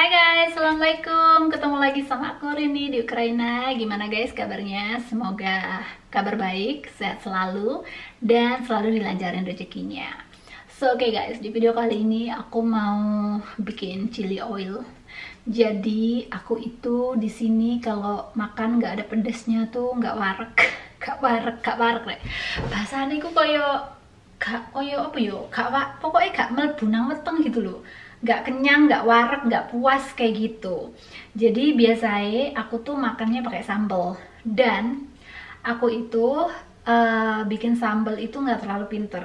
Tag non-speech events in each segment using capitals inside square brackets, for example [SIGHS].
Hai guys, Assalamualaikum Ketemu lagi sama aku Rini di Ukraina Gimana guys kabarnya? Semoga kabar baik, sehat selalu Dan selalu dilancarin rezekinya So oke okay guys, di video kali ini aku mau bikin chili oil Jadi aku itu di sini kalau makan gak ada pedesnya tuh gak warek [LAUGHS] Gak warek, gak warek deh Bahasanya aku koyo gak koyo apa yo Kak, pokoknya kak melbu nang weteng gitu loh nggak kenyang nggak warek nggak puas kayak gitu jadi biasanya aku tuh makannya pakai sambal dan aku itu uh, bikin sambal itu nggak terlalu pinter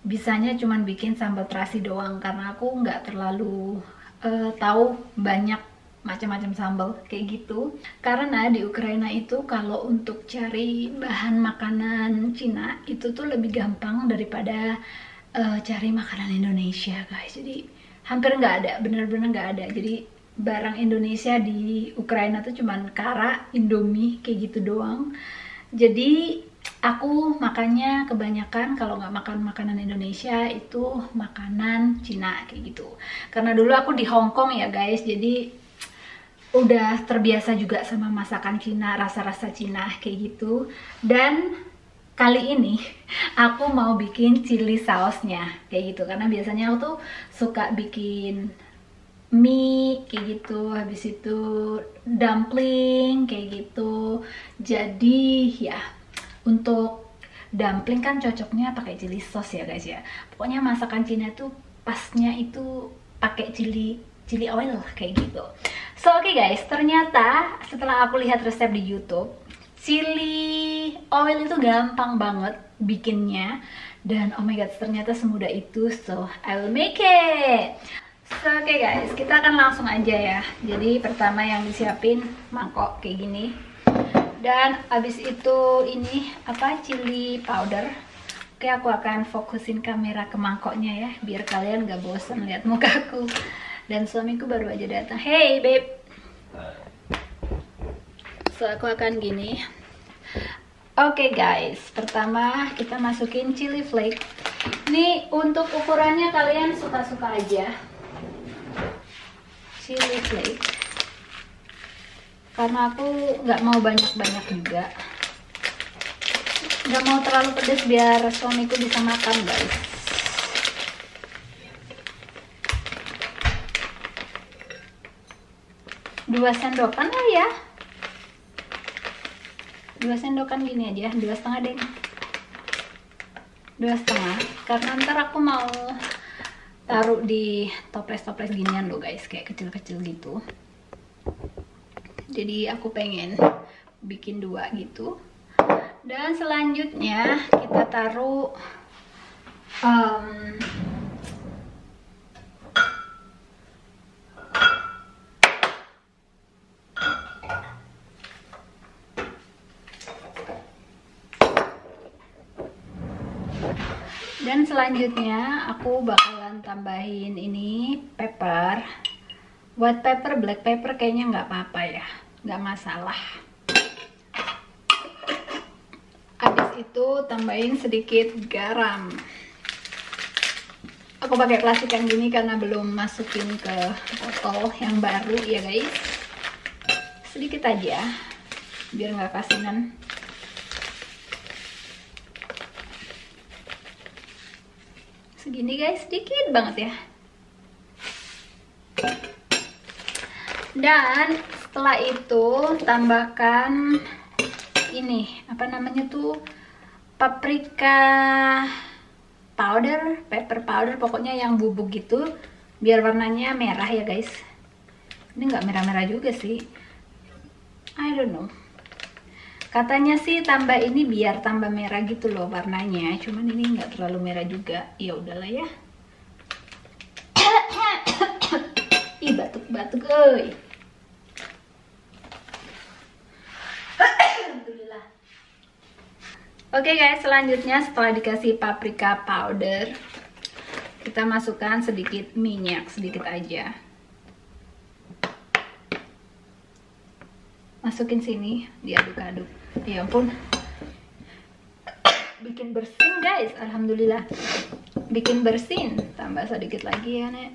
bisanya cuman bikin sambal terasi doang karena aku nggak terlalu uh, tahu banyak macam-macam sambal kayak gitu karena di Ukraina itu kalau untuk cari bahan makanan Cina itu tuh lebih gampang daripada uh, cari makanan Indonesia guys jadi hampir nggak ada bener-bener nggak ada jadi barang Indonesia di Ukraina tuh cuman kara Indomie kayak gitu doang jadi aku makannya kebanyakan kalau nggak makan makanan Indonesia itu makanan Cina kayak gitu karena dulu aku di Hong Kong ya guys jadi udah terbiasa juga sama masakan Cina rasa-rasa Cina kayak gitu dan kali ini aku mau bikin chili sausnya kayak gitu karena biasanya aku tuh suka bikin mie kayak gitu habis itu dumpling kayak gitu jadi ya untuk dumpling kan cocoknya pakai chili sauce ya guys ya pokoknya masakan Cina tuh pasnya itu pakai chili chili oil kayak gitu so oke okay guys ternyata setelah aku lihat resep di YouTube chili sih oil itu gampang banget bikinnya dan oh my god ternyata semudah itu so I will make it so oke okay guys kita akan langsung aja ya jadi pertama yang disiapin mangkok kayak gini dan abis itu ini apa chili powder oke aku akan fokusin kamera ke mangkoknya ya biar kalian gak bosen lihat mukaku dan suamiku baru aja datang hey babe so aku akan gini Oke okay guys, pertama kita masukin chili flake. Ini untuk ukurannya kalian suka-suka aja. Chili flake. Karena aku nggak mau banyak-banyak juga. Nggak mau terlalu pedes biar suamiku bisa makan guys. Dua sendokan lah ya dua sendokan gini aja ya, dua setengah deh dua setengah karena ntar aku mau taruh di toples-toples ginian loh guys kayak kecil-kecil gitu jadi aku pengen bikin dua gitu dan selanjutnya kita taruh um, dan selanjutnya aku bakalan tambahin ini pepper white pepper black pepper kayaknya nggak apa-apa ya nggak masalah habis itu tambahin sedikit garam aku pakai plastik yang gini karena belum masukin ke botol yang baru ya guys sedikit aja biar nggak kasinan segini guys sedikit banget ya dan setelah itu tambahkan ini apa namanya tuh paprika powder pepper powder pokoknya yang bubuk gitu biar warnanya merah ya guys ini nggak merah-merah juga sih I don't know katanya sih tambah ini biar tambah merah gitu loh warnanya cuman ini nggak terlalu merah juga ya udahlah ya [COUGHS] ih batuk batuk oi oke okay guys selanjutnya setelah dikasih paprika powder kita masukkan sedikit minyak sedikit aja masukin sini diaduk-aduk ya ampun bikin bersin guys alhamdulillah bikin bersin tambah sedikit lagi ya nek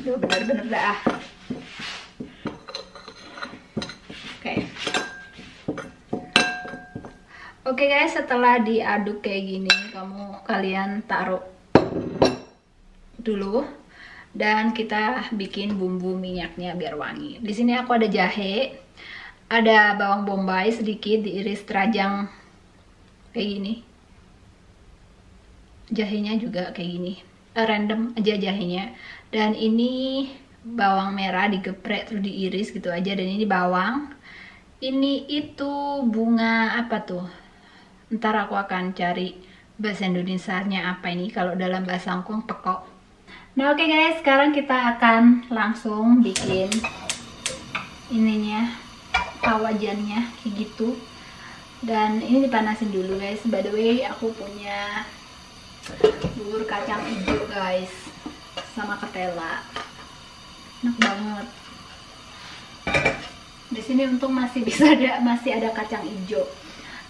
Duh, bener-bener dah ah. oke oke okay, guys setelah diaduk kayak gini kamu kalian taruh dulu dan kita bikin bumbu minyaknya biar wangi. Di sini aku ada jahe, ada bawang bombay sedikit diiris terajang kayak gini. Jahenya juga kayak gini. Eh, random aja jahenya. Dan ini bawang merah digeprek terus diiris gitu aja dan ini bawang. Ini itu bunga apa tuh? Ntar aku akan cari bahasa Indonesia-nya apa ini kalau dalam bahasa Hongkong pekok Nah oke okay guys, sekarang kita akan langsung bikin ininya pawajannya kayak gitu. Dan ini dipanasin dulu guys. By the way, aku punya bubur kacang hijau guys sama ketela. Enak banget. Di sini untung masih bisa ada masih ada kacang hijau.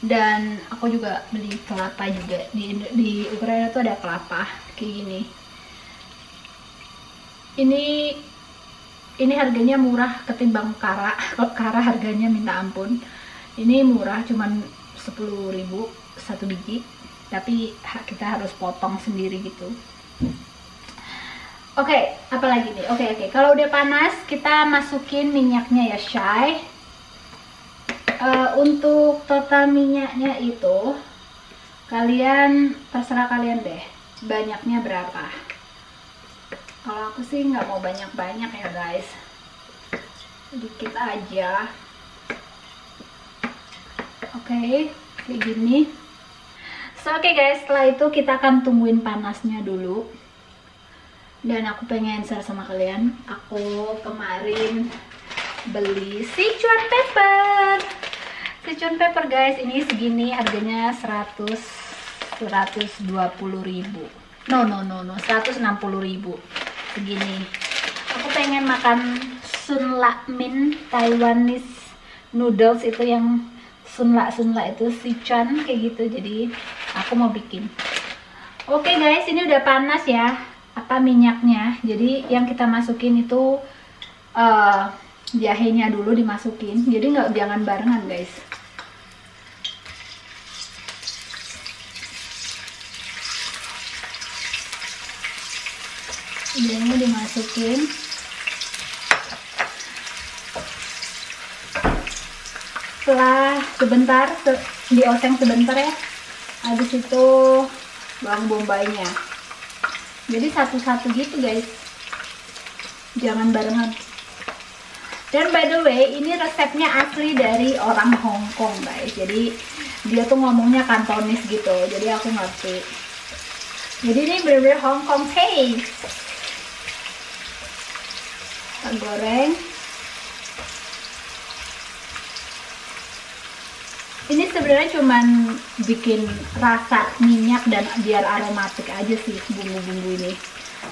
Dan aku juga beli kelapa juga di di Ukraina tuh ada kelapa kayak gini ini ini harganya murah ketimbang kara kalau kara harganya minta ampun ini murah cuman 10.000 satu biji tapi kita harus potong sendiri gitu oke okay, apalagi nih oke okay, oke okay. kalau udah panas kita masukin minyaknya ya Shay uh, eh, untuk total minyaknya itu kalian terserah kalian deh banyaknya berapa kalau aku sih nggak mau banyak-banyak ya guys sedikit aja oke okay, kayak gini so oke okay guys setelah itu kita akan tungguin panasnya dulu dan aku pengen share sama kalian aku kemarin beli si Sichuan pepper Sichuan pepper guys ini segini harganya 100 120 ribu no no no no 160 ribu begini aku pengen makan sun lakmin Taiwanese noodles itu yang sun lak sun lak itu si sichuan kayak gitu jadi aku mau bikin oke okay guys ini udah panas ya apa minyaknya jadi yang kita masukin itu uh, jahenya dulu dimasukin jadi nggak jangan barengan guys bumbu iya, dimasukin setelah sebentar se dioseng sebentar ya habis itu bawang bombaynya jadi satu-satu gitu guys jangan barengan dan by the way ini resepnya asli dari orang Hong Kong guys jadi dia tuh ngomongnya kantonis gitu jadi aku ngerti jadi ini bener-bener Hong Kong taste kita goreng ini sebenarnya cuman bikin rasa minyak dan biar aromatik aja sih bumbu-bumbu ini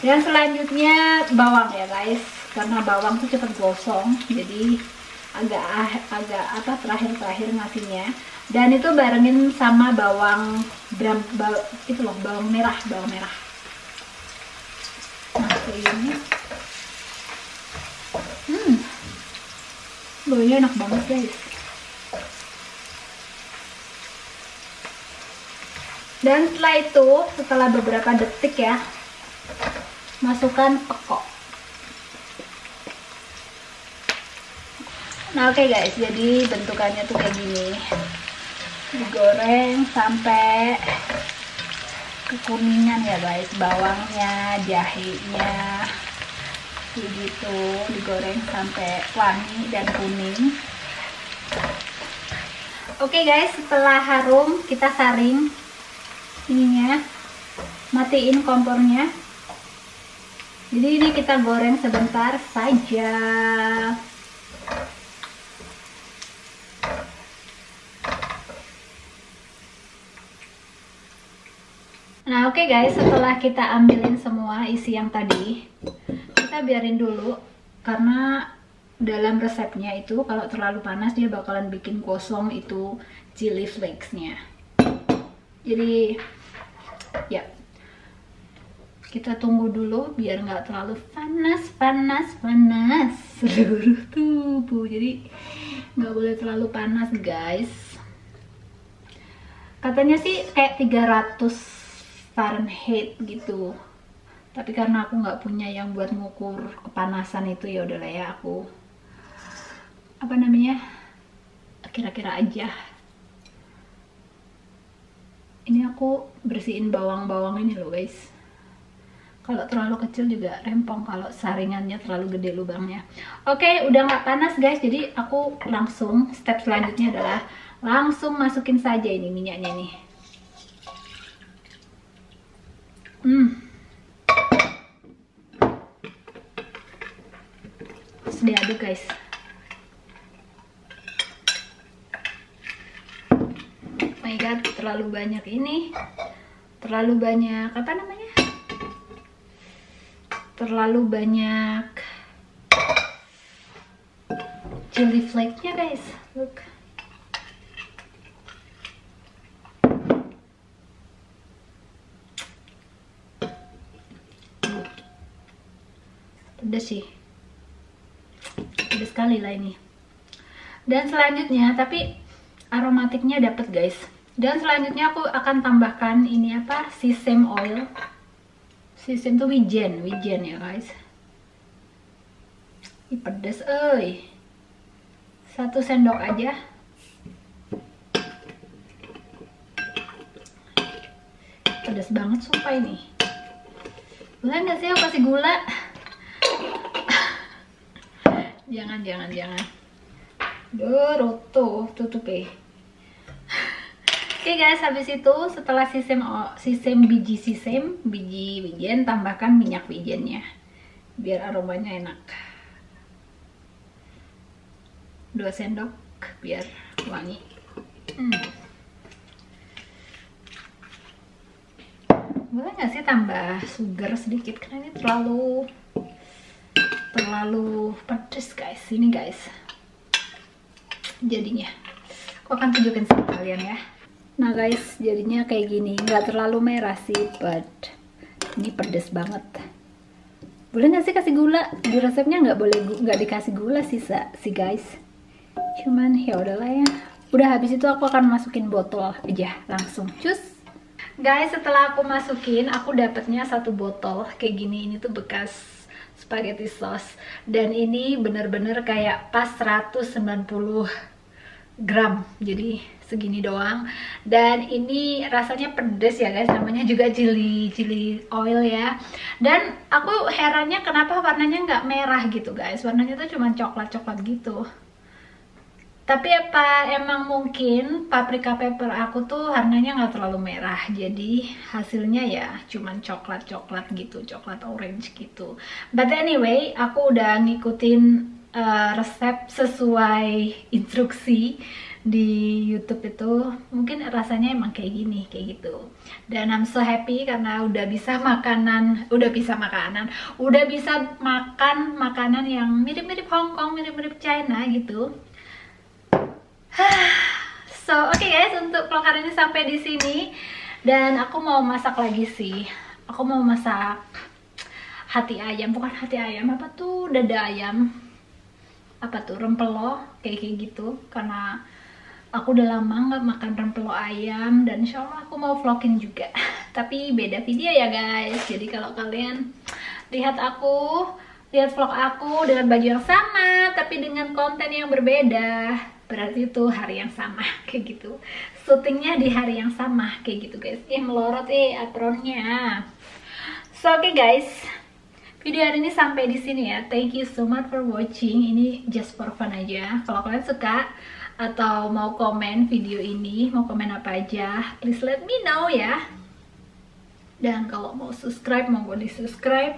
dan selanjutnya bawang ya guys karena bawang tuh cepet gosong jadi agak ah, agak apa terakhir-terakhir ngasihnya dan itu barengin sama bawang bram, ba, itu loh bawang merah bawang merah nah, ini Loynya enak banget guys. Dan setelah itu, setelah beberapa detik ya, masukkan pekok. Nah oke okay guys, jadi bentukannya tuh kayak gini. Digoreng sampai kekuningan ya guys, bawangnya, jahenya, begitu digoreng sampai wangi dan kuning oke okay guys setelah harum kita saring ininya matiin kompornya jadi ini kita goreng sebentar saja Nah, oke okay guys, setelah kita ambilin semua isi yang tadi, kita biarin dulu karena dalam resepnya itu kalau terlalu panas dia bakalan bikin kosong itu chili flakesnya jadi ya kita tunggu dulu biar nggak terlalu panas panas panas [LAUGHS] seluruh tubuh jadi nggak boleh terlalu panas guys katanya sih kayak 300 Fahrenheit gitu tapi karena aku nggak punya yang buat ngukur kepanasan itu ya udahlah ya aku apa namanya kira-kira aja ini aku bersihin bawang-bawang ini loh guys kalau terlalu kecil juga rempong kalau saringannya terlalu gede lubangnya oke udah nggak panas guys jadi aku langsung step selanjutnya adalah langsung masukin saja ini minyaknya nih hmm terus diaduk guys oh my god terlalu banyak ini terlalu banyak apa namanya terlalu banyak chili flake-nya guys look pedas sih sekali lah ini dan selanjutnya tapi aromatiknya dapet guys dan selanjutnya aku akan tambahkan ini apa sesame oil sesame tuh wijen wijen ya guys ini pedes oi satu sendok aja Pedes banget sumpah ini boleh nggak sih aku kasih gula jangan jangan jangan Duh, tutup eh Oke okay guys, habis itu setelah sistem sistem biji sistem biji wijen tambahkan minyak wijennya biar aromanya enak. Dua sendok biar wangi. Hmm. Boleh nggak sih tambah sugar sedikit karena ini terlalu terlalu pedes guys ini guys jadinya aku akan tunjukin sama kalian ya nah guys jadinya kayak gini nggak terlalu merah sih but ini pedes banget boleh nggak sih kasih gula di resepnya nggak boleh nggak dikasih gula sih sih guys cuman ya udahlah ya udah habis itu aku akan masukin botol aja langsung cus guys setelah aku masukin aku dapetnya satu botol kayak gini ini tuh bekas spaghetti sauce dan ini bener-bener kayak pas 190 gram jadi segini doang dan ini rasanya pedes ya guys namanya juga chili chili oil ya dan aku herannya kenapa warnanya nggak merah gitu guys warnanya tuh cuma coklat coklat gitu tapi apa emang mungkin paprika pepper aku tuh warnanya nggak terlalu merah jadi hasilnya ya cuman coklat coklat gitu coklat orange gitu but anyway aku udah ngikutin uh, resep sesuai instruksi di YouTube itu mungkin rasanya emang kayak gini kayak gitu dan I'm so happy karena udah bisa makanan udah bisa makanan udah bisa makan makanan yang mirip-mirip Hong Kong mirip-mirip China gitu [SIGHS] so oke okay guys untuk vlog hari ini sampai di sini dan aku mau masak lagi sih aku mau masak hati ayam bukan hati ayam apa tuh dada ayam apa tuh rempelo kayak kayak gitu karena aku udah lama nggak makan rempelo ayam dan insya Allah aku mau vlogin juga [LAUGHS] tapi beda video ya guys jadi kalau kalian lihat aku lihat vlog aku dengan baju yang sama tapi dengan konten yang berbeda berarti itu hari yang sama [LAUGHS] kayak gitu syutingnya di hari yang sama kayak gitu guys ih melorot eh apronnya so oke okay, guys video hari ini sampai di sini ya thank you so much for watching ini just for fun aja kalau kalian suka atau mau komen video ini mau komen apa aja please let me know ya dan kalau mau subscribe mau di subscribe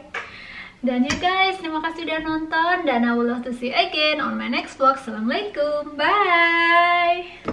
dan ya guys, terima kasih sudah nonton dan I would love to see you again on my next vlog. Assalamualaikum, bye!